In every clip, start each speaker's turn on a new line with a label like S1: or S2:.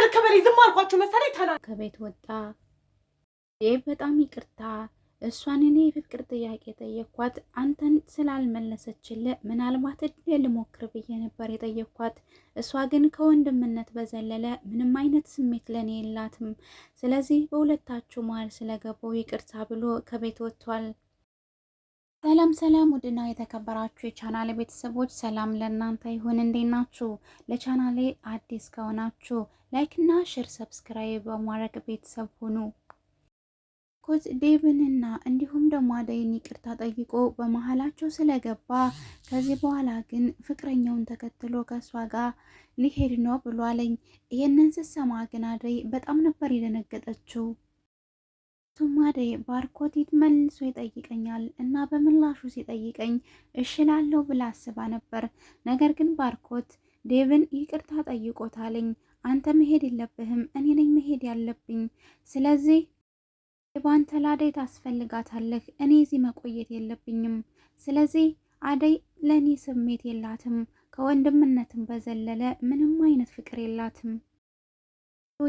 S1: ከልክ በላይ ዝም አልኳችሁ መሰለኝ። ተላ
S2: ከቤት ወጣ። ይህ በጣም ይቅርታ እሷን እኔ የፍቅር ጥያቄ የጠየኳት አንተን ስላልመለሰችል ምናልባት እድሜ ልሞክር ብዬ ነበር የጠየኳት። እሷ ግን ከወንድምነት በዘለለ ምንም አይነት ስሜት ለእኔ የላትም። ስለዚህ በሁለታችሁ መሀል ስለገባው ይቅርታ ብሎ ከቤት ወጥቷል። ሰላም ሰላም ውድና የተከበራችሁ የቻናሌ ቤተሰቦች ሰላም ለእናንተ ይሁን። እንዴት ናችሁ? ለቻናሌ አዲስ ከሆናችሁ ላይክና ሼር ሰብስክራይብ በማድረግ ቤተሰብ ሁኑ። ኮዝ ዴብንና እንዲሁም ደግሞ አደይን ይቅርታ ጠይቆ በመሀላቸው ስለገባ ከዚህ በኋላ ግን ፍቅረኛውን ተከትሎ ከእሷ ጋር ሊሄድ ነው ብሏለኝ። ይህንን ስሰማ ግን አደይ በጣም ነበር የደነገጠችው። እሱም አደይ ባርኮቲት መልሶ ይጠይቀኛል እና በምላሹ ሲጠይቀኝ እሽላለሁ ብላ አስባ ነበር። ነገር ግን ባርኮት ዴቭን ይቅርታ ጠይቆታለኝ። አንተ መሄድ የለብህም እኔ ነኝ መሄድ ያለብኝ። ስለዚህ ባንተ ለአደይ ታስፈልጋታለህ። እኔ እዚህ መቆየት የለብኝም። ስለዚህ አደይ ለእኔ ስሜት የላትም። ከወንድምነትም በዘለለ ምንም አይነት ፍቅር የላትም።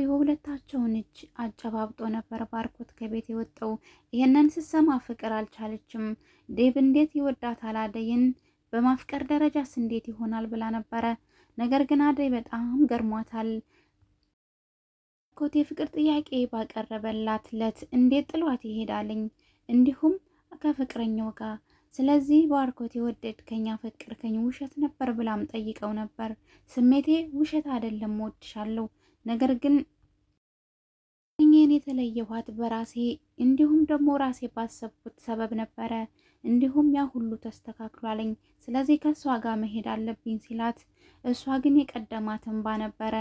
S2: የሁለታቸውን እጅ አጨባብጦ ነበር ባርኮት ከቤት የወጣው። ይህንን ስሰማ ፍቅር አልቻለችም። ዴብ እንዴት ይወዳታል አደይን በማፍቀር ደረጃስ እንዴት ይሆናል ብላ ነበረ። ነገር ግን አደይ በጣም ገርሟታል። ባርኮት የፍቅር ጥያቄ ባቀረበላት ለት እንዴት ጥሏት ይሄዳልኝ እንዲሁም ከፍቅረኛው ጋር ስለዚህ ባርኮት የወደድከኝ ከኝ ውሸት ነበር ብላም ጠይቀው ነበር። ስሜቴ ውሸት አይደለም፣ እወድሻለሁ ነገር ግን እኔን የተለየኋት በራሴ እንዲሁም ደግሞ ራሴ ባሰብኩት ሰበብ ነበረ። እንዲሁም ያ ሁሉ ተስተካክሏለኝ። ስለዚህ ከእሷ ጋር መሄድ አለብኝ ሲላት፣ እሷ ግን የቀደማት እንባ ነበረ።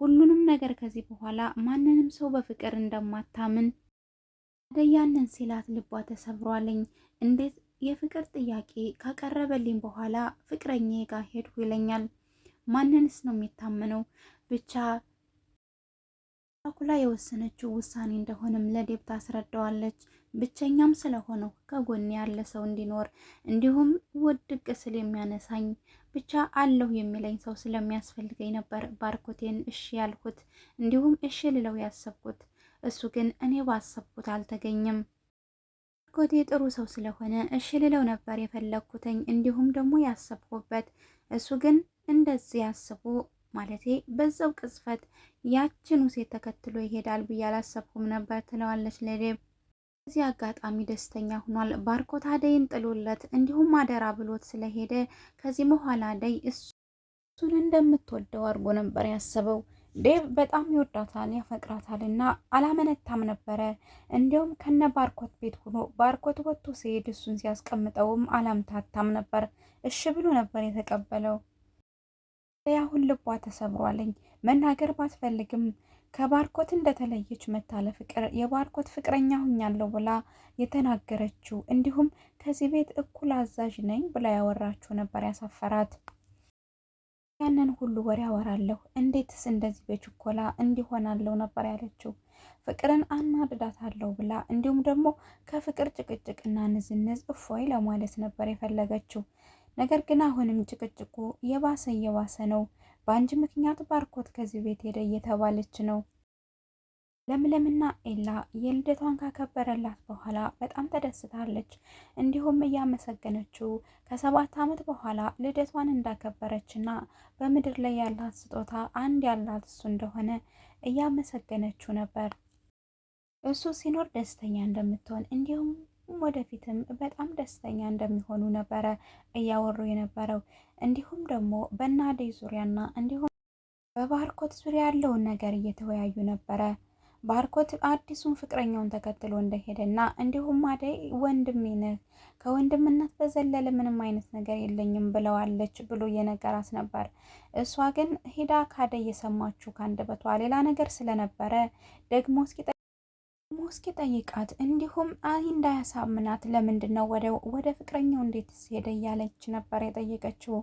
S2: ሁሉንም ነገር ከዚህ በኋላ ማንንም ሰው በፍቅር እንደማታምን ያንን ሲላት ልቧ ተሰብሯለኝ። እንዴት የፍቅር ጥያቄ ካቀረበልኝ በኋላ ፍቅረኛ ጋር ሄድሁ ይለኛል? ማንንስ ነው የሚታመነው ብቻ ቸኩላ የወሰነችው ውሳኔ እንደሆነም ለዴብ ታስረዳዋለች። ብቸኛም ስለሆነው ከጎን ያለ ሰው እንዲኖር እንዲሁም ውድ ቅስል የሚያነሳኝ ብቻ አለሁ የሚለኝ ሰው ስለሚያስፈልገኝ ነበር ባርኮቴን እሺ ያልኩት እንዲሁም እሺ ልለው ያሰብኩት። እሱ ግን እኔ ባሰብኩት አልተገኘም። ባርኮቴ ጥሩ ሰው ስለሆነ እሺ ልለው ነበር የፈለግኩትኝ እንዲሁም ደግሞ ያሰብኩበት። እሱ ግን እንደዚህ ያስቡ ማለቴ በዛው ቅጽበት ያችኑ ሴት ተከትሎ ይሄዳል ብዬ አላሰብኩም ነበር ትለዋለች ለዴብ። በዚህ አጋጣሚ ደስተኛ ሆኗል። ባርኮት አደይን ጥሎለት እንዲሁም አደራ ብሎት ስለሄደ ከዚህ በኋላ አደይ እሱን እንደምትወደው አድርጎ ነበር ያሰበው። ዴብ በጣም ይወዳታል ያፈቅራታል፣ እና አላመነታም ነበረ። እንዲሁም ከነ ባርኮት ቤት ሆኖ ባርኮት ወጥቶ ሲሄድ እሱን ሲያስቀምጠውም አላምታታም ነበር። እሺ ብሎ ነበር የተቀበለው። ያሁን ልቧ ተሰብሯለኝ። መናገር ባትፈልግም ከባርኮት እንደተለየች መታ ለፍቅር የባርኮት ፍቅረኛ ሁኛለሁ ብላ የተናገረችው እንዲሁም ከዚህ ቤት እኩል አዛዥ ነኝ ብላ ያወራችው ነበር ያሳፈራት። ያንን ሁሉ ወሬ አወራለሁ እንዴትስ እንደዚህ በችኮላ እንዲሆናለሁ ነበር ያለችው። ፍቅርን አናድዳታለሁ ብላ እንዲሁም ደግሞ ከፍቅር ጭቅጭቅና ንዝንዝ እፎይ ለማለት ነበር የፈለገችው። ነገር ግን አሁንም ጭቅጭቁ የባሰ እየባሰ ነው። በአንድ ምክንያት ባርኮት ከዚህ ቤት ሄደ እየተባለች ነው። ለምለምና ኤላ የልደቷን ካከበረላት በኋላ በጣም ተደስታለች። እንዲሁም እያመሰገነችው ከሰባት ዓመት በኋላ ልደቷን እንዳከበረችና በምድር ላይ ያላት ስጦታ አንድ ያላት እሱ እንደሆነ እያመሰገነችው ነበር። እሱ ሲኖር ደስተኛ እንደምትሆን እንዲሁም ወደፊትም በጣም ደስተኛ እንደሚሆኑ ነበረ እያወሩ የነበረው። እንዲሁም ደግሞ በአደይ ዙሪያና እንዲሁም በባርኮት ዙሪያ ያለውን ነገር እየተወያዩ ነበረ። ባርኮት አዲሱን ፍቅረኛውን ተከትሎ እንደሄደና እንዲሁም አደይ ወንድሜ ነህ ከወንድምነት በዘለለ ምንም አይነት ነገር የለኝም ብለዋለች ብሎ የነገራት ነበር። እሷ ግን ሄዳ ካደይ የሰማችው ከአንደበቷ ሌላ ነገር ስለነበረ ደግሞ እስኪ ሞስኬ ጠይቃት እንዲሁም አይ እንዳያሳምናት ለምንድን ነው ወደ ወደ ፍቅረኛው እንዴት ሄደ እያለች ነበር የጠየቀችው።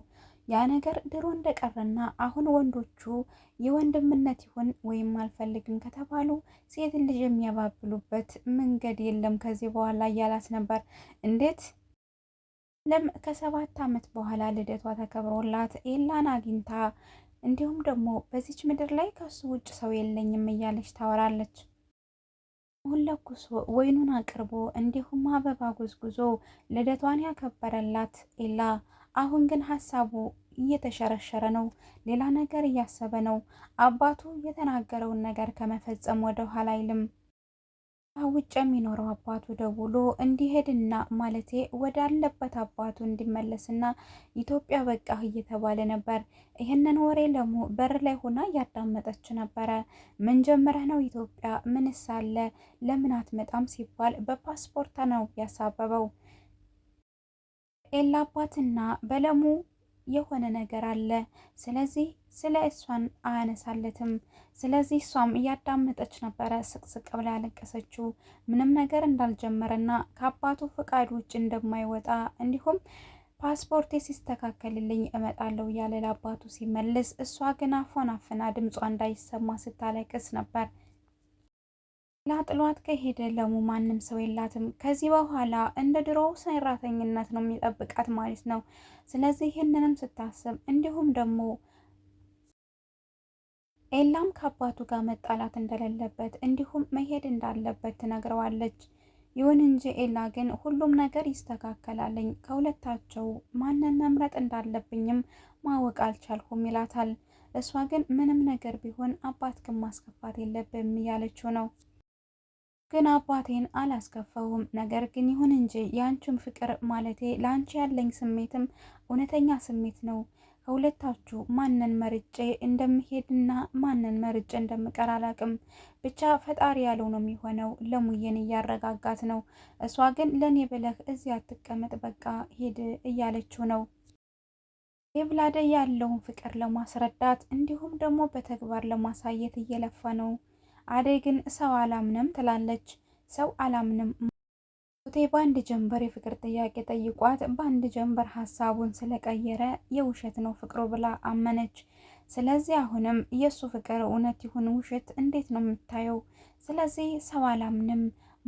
S2: ያ ነገር ድሮ እንደቀረና አሁን ወንዶቹ የወንድምነት ይሁን ወይም አልፈልግም ከተባሉ ሴት ልጅ የሚያባብሉበት መንገድ የለም ከዚህ በኋላ እያላት ነበር። እንዴት ለም ከሰባት ዓመት በኋላ ልደቷ ተከብሮላት ኤላን አግኝታ እንዲሁም ደግሞ በዚች ምድር ላይ ከሱ ውጭ ሰው የለኝም እያለች ታወራለች። ዳቦውን ለኩሶ ወይኑን አቅርቦ እንዲሁም አበባ ጎዝጉዞ ልደቷን ያከበረላት ኤላ አሁን ግን ሀሳቡ እየተሸረሸረ ነው። ሌላ ነገር እያሰበ ነው። አባቱ የተናገረውን ነገር ከመፈጸም ወደ ኋላ አይልም። ውጭ የሚኖረው አባቱ ደውሎ እንዲሄድና ማለቴ ወዳለበት አባቱ እንዲመለስና ኢትዮጵያ በቃ እየተባለ ነበር። ይህንን ወሬ ለሙ በር ላይ ሆና እያዳመጠች ነበረ። ምን ጀምረህ ነው ኢትዮጵያ? ምን ሳለ ለምን አትመጣም ሲባል በፓስፖርት ነው ያሳበበው ኤላ አባትና በለሙ የሆነ ነገር አለ። ስለዚህ ስለ እሷን አያነሳለትም። ስለዚህ እሷም እያዳመጠች ነበረ። ስቅስቅ ብላ ያለቀሰችው ምንም ነገር እንዳልጀመረና ከአባቱ ፈቃድ ውጭ እንደማይወጣ እንዲሁም ፓስፖርቴ ሲስተካከልልኝ እመጣለሁ እያለ ለአባቱ ሲመልስ፣ እሷ ግን አፏን አፍና ድምጿ እንዳይሰማ ስታለቅስ ነበር። ጥሏት ከሄደ ለሙ ማንም ሰው የላትም። ከዚህ በኋላ እንደ ድሮው ሰራተኝነት ነው የሚጠብቃት ማለት ነው። ስለዚህ ይህንንም ስታስብ እንዲሁም ደግሞ ኤላም ከአባቱ ጋር መጣላት እንደሌለበት እንዲሁም መሄድ እንዳለበት ትነግረዋለች። ይሁን እንጂ ኤላ ግን ሁሉም ነገር ይስተካከላልኝ፣ ከሁለታቸው ማንን መምረጥ እንዳለብኝም ማወቅ አልቻልኩም ይላታል። እሷ ግን ምንም ነገር ቢሆን አባት ግን ማስከፋት የለብም እያለችው ነው። ግን አባቴን አላስከፋውም። ነገር ግን ይሁን እንጂ የአንቺን ፍቅር ማለቴ ለአንቺ ያለኝ ስሜትም እውነተኛ ስሜት ነው። ከሁለታችሁ ማንን መርጬ እንደምሄድና ማንን መርጬ እንደምቀር አላቅም። ብቻ ፈጣሪ ያለው ነው የሚሆነው። ለሙዬን እያረጋጋት ነው። እሷ ግን ለእኔ ብለህ እዚህ አትቀመጥ፣ በቃ ሄድ እያለችው ነው። የብላደ ያለውን ፍቅር ለማስረዳት እንዲሁም ደግሞ በተግባር ለማሳየት እየለፋ ነው። አደይ ግን ሰው አላምንም ትላለች። ሰው አላምንም ቴ በአንድ ጀንበር የፍቅር ጥያቄ ጠይቋት በአንድ ጀንበር ሀሳቡን ስለቀየረ የውሸት ነው ፍቅሩ ብላ አመነች። ስለዚህ አሁንም የእሱ ፍቅር እውነት ይሁን ውሸት እንዴት ነው የምታየው? ስለዚህ ሰው አላምንም፣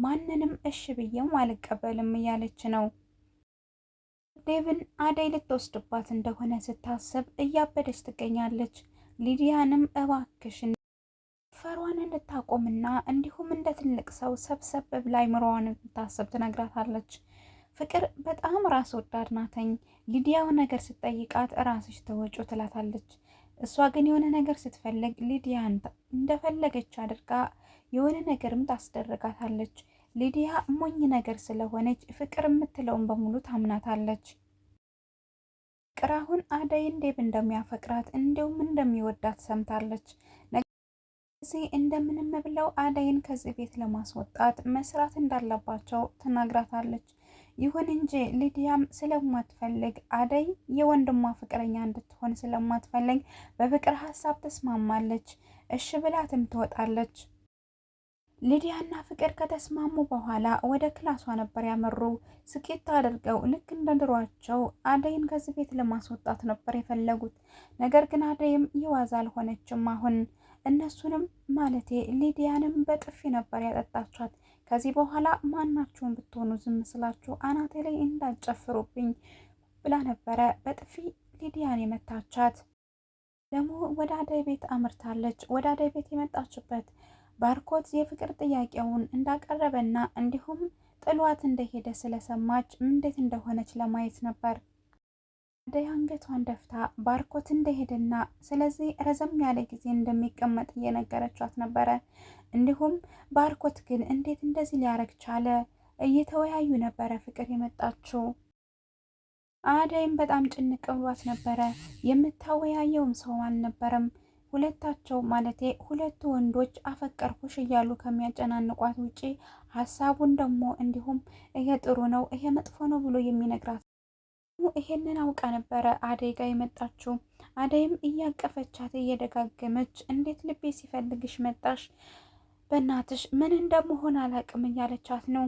S2: ማንንም እሽ ብዬም አልቀበልም እያለች ነው። ዴቭን አደይ ልትወስድባት እንደሆነ ስታስብ እያበደች ትገኛለች። ሊዲያንም እባክሽን እንድታቆምና እንዲሁም እንደ ትልቅ ሰው ሰብሰብ ብላ አይምሮዋን እንድታሰብ ትነግራታለች። ፍቅር በጣም ራስ ወዳድ ናተኝ። ሊዲያው ነገር ስትጠይቃት ራስሽ ተወጮ ትላታለች። እሷ ግን የሆነ ነገር ስትፈልግ ሊዲያን እንደፈለገች አድርጋ የሆነ ነገርም ታስደርጋታለች። ሊዲያ ሞኝ ነገር ስለሆነች ፍቅር የምትለውን በሙሉ ታምናታለች። ፍቅር አሁን አደይ እንዴብ እንደሚያፈቅራት እንዲሁም እንደሚወዳት ሰምታለች። እዚህ እንደምንም ብለው አደይን ከዚህ ቤት ለማስወጣት መስራት እንዳለባቸው ትናግራታለች። ይሁን እንጂ ሊዲያም ስለማትፈልግ አደይ የወንድሟ ፍቅረኛ እንድትሆን ስለማትፈልግ በፍቅር ሀሳብ ተስማማለች። እሺ ብላትም ትወጣለች። ሊዲያና ፍቅር ከተስማሙ በኋላ ወደ ክላሷ ነበር ያመሩ። ስኬት አድርገው ልክ እንደ ድሯቸው አደይን ከዚህ ቤት ለማስወጣት ነበር የፈለጉት። ነገር ግን አደይም ይዋዝ አልሆነችም አሁን እነሱንም ማለቴ ሊዲያንም በጥፊ ነበር ያጠጣችኋት። ከዚህ በኋላ ማናችሁን ብትሆኑ ዝም ስላችሁ አናቴ ላይ እንዳጨፍሩብኝ ብላ ነበረ በጥፊ ሊዲያን የመታቻት። ደግሞ ወደ አደይ ቤት አምርታለች። ወደ አደይ ቤት የመጣችበት ባርኮት የፍቅር ጥያቄውን እንዳቀረበና እንዲሁም ጥሏት እንደሄደ ስለሰማች እንዴት እንደሆነች ለማየት ነበር። አደይ አንገቷን ደፍታ ባርኮት እንደሄደና ስለዚህ ረዘም ያለ ጊዜ እንደሚቀመጥ እየነገረቻት ነበረ። እንዲሁም ባርኮት ግን እንዴት እንደዚህ ሊያረግ ቻለ እየተወያዩ ነበረ። ፍቅር የመጣችው አደይም በጣም ጭንቅ ብሏት ነበረ። የምታወያየውም ሰው አልነበረም። ሁለታቸው ማለቴ ሁለቱ ወንዶች አፈቀርኩሽ እያሉ ከሚያጨናንቋት ውጪ ሀሳቡን ደግሞ እንዲሁም ይሄ ጥሩ ነው ይሄ መጥፎ ነው ብሎ የሚነግራት ይሄንን አውቃ ነበረ አደይ ጋ የመጣችው። አደይም እያቀፈቻት እየደጋገመች እንዴት ልቤ ሲፈልግሽ መጣሽ፣ በእናትሽ ምን እንደመሆን አላቅም እያለቻት ነው።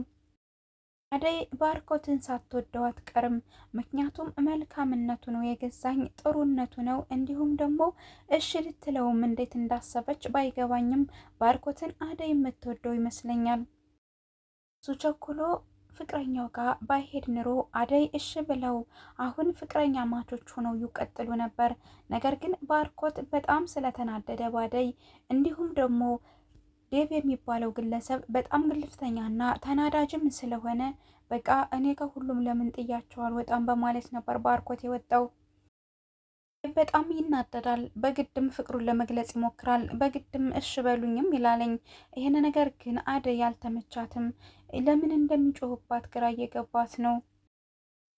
S2: አደይ ባርኮትን ሳትወደው አትቀርም። ምክንያቱም መልካምነቱ ነው የገዛኝ ጥሩነቱ ነው፣ እንዲሁም ደግሞ እሽ ልትለውም እንዴት እንዳሰበች ባይገባኝም ባርኮትን አደይ የምትወደው ይመስለኛል። እሱ ቸኩሎ ፍቅረኛው ጋር ባይሄድ ኑሮ አደይ እሺ ብለው አሁን ፍቅረኛ ማቾች ሆነው ይቀጥሉ ነበር። ነገር ግን ባርኮት በጣም ስለተናደደ ባደይ እንዲሁም ደግሞ ዴቭ የሚባለው ግለሰብ በጣም ግልፍተኛና ተናዳጅም ስለሆነ በቃ እኔ ከሁሉም ለምን ጥያቸዋል አልወጣም በማለት ነበር ባርኮት የወጣው። በጣም ይናደዳል። በግድም ፍቅሩን ለመግለጽ ይሞክራል። በግድም እሽ በሉኝም ይላለኝ። ይህን ነገር ግን አደይ ያልተመቻትም፣ ለምን እንደሚጮህባት ግራ እየገባት ነው።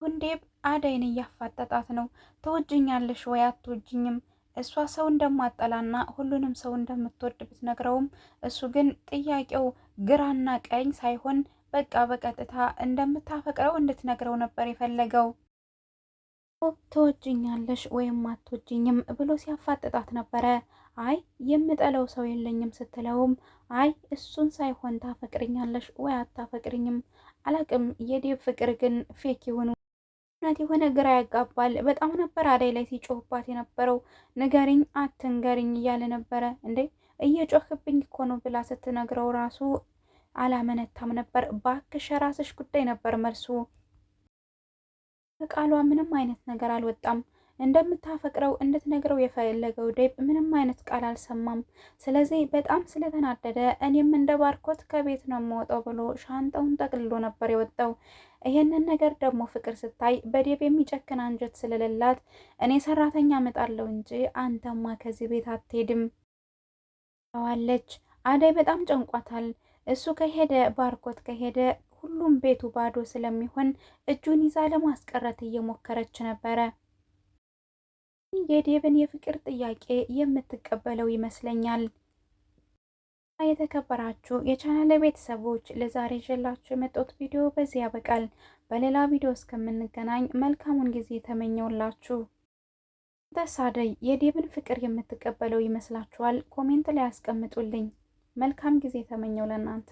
S2: ሁንዴብ አደይን እያፋጠጣት ነው። ትወጅኛለሽ ወይ አትወጅኝም? እሷ ሰው እንደማጠላና ሁሉንም ሰው እንደምትወድ ብትነግረውም እሱ ግን ጥያቄው ግራና ቀኝ ሳይሆን በቃ በቀጥታ እንደምታፈቅረው እንድትነግረው ነበር የፈለገው። ያዕቆብ ትወጅኛለሽ ወይም አትወጅኝም ብሎ ሲያፋጥጣት ነበረ። አይ የምጠለው ሰው የለኝም ስትለውም አይ እሱን ሳይሆን ታፈቅርኛለሽ ወይ አታፈቅርኝም አላቅም። የዴብ ፍቅር ግን ፌክ ይሁኑ እውነት የሆነ ግራ ያጋባል። በጣም ነበር አደይ ላይ ሲጮህባት የነበረው። ንገሪኝ አትንገሪኝ እያለ ነበረ። እንዴ እየጮህብኝ እኮ ነው ብላ ስትነግረው ራሱ አላመነታም ነበር። ባክሽ ራስሽ ጉዳይ ነበር መልሱ። ከቃሏ ምንም አይነት ነገር አልወጣም። እንደምታፈቅረው እንድትነግረው የፈለገው ዴብ ምንም አይነት ቃል አልሰማም። ስለዚህ በጣም ስለተናደደ እኔም እንደ ባርኮት ከቤት ነው የምወጣው ብሎ ሻንጣውን ጠቅልሎ ነበር የወጣው። ይሄንን ነገር ደግሞ ፍቅር ስታይ በዴብ የሚጨክን አንጀት ስለሌላት እኔ ሰራተኛ እመጣለሁ እንጂ አንተማ ከዚህ ቤት አትሄድም ዋለች። አደይ በጣም ጨንቋታል። እሱ ከሄደ ባርኮት ከሄደ ሁሉም ቤቱ ባዶ ስለሚሆን እጁን ይዛ ለማስቀረት እየሞከረች ነበረ። የዴቭን የፍቅር ጥያቄ የምትቀበለው ይመስለኛል። የተከበራችሁ የቻናል ቤተሰቦች ለዛሬ ይዤላችሁ የመጣሁት ቪዲዮ በዚህ ያበቃል። በሌላ ቪዲዮ እስከምንገናኝ መልካሙን ጊዜ ተመኘውላችሁ። ተሳደይ የዴብን ፍቅር የምትቀበለው ይመስላችኋል? ኮሜንት ላይ ያስቀምጡልኝ። መልካም ጊዜ ተመኘው ለእናንተ።